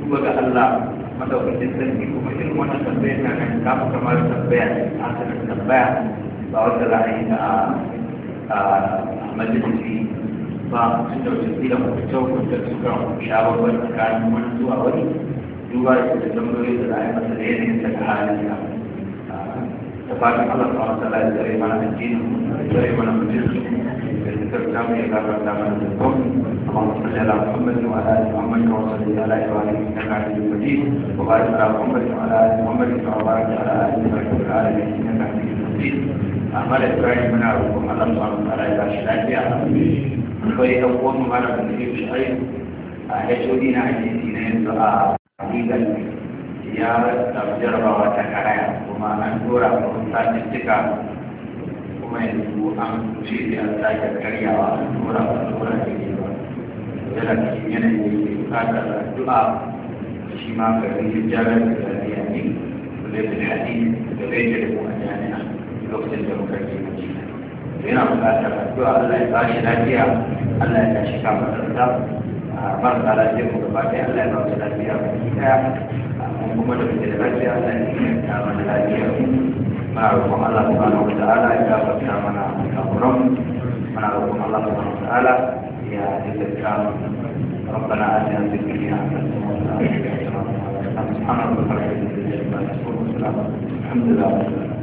duba ga Allah madaukakin sarki kuma irin wani tambaya na nan ta fi kamar tambaya a sanar tambaya ba wanda za a yi ta a majalisi ba da wajen kila hukunce hukunce suka shawarwar tsakanin wani zuwa wani duba da tambayoyi da za a yi masa da yanayin daga ya Allah ta wata mana addinin da mana mutum ya rasa jarabawa ta karaya kuma an dora a kusa da cika kuma yanzu an ce da an sake karyawa an tura ba tura da ke ba yana cikin yanayi da ke bukatar addu'a shi ma ka yi jami'ar da zariya ne da zai hadi da zai jere mu a jami'a lokacin da muka ke da mace yana bukatar tura Allah ya bashi lafiya Allah ya tashi kama da marasa lafiya ko gaba ɗaya Allah ya ba su lafiya ba ki ɗaya kuma da muke da lafiya Allah ya inganta da lafiya muna roƙon Allah subhanahu wa ta'ala ya gafarta mana kafuran mana roƙon Allah subhanahu wa ta'ala ya tilasta ربنا آتنا في الدنيا حسنة وفي الآخرة حسنة سبحان ربك رب العزة عما يصفون والسلام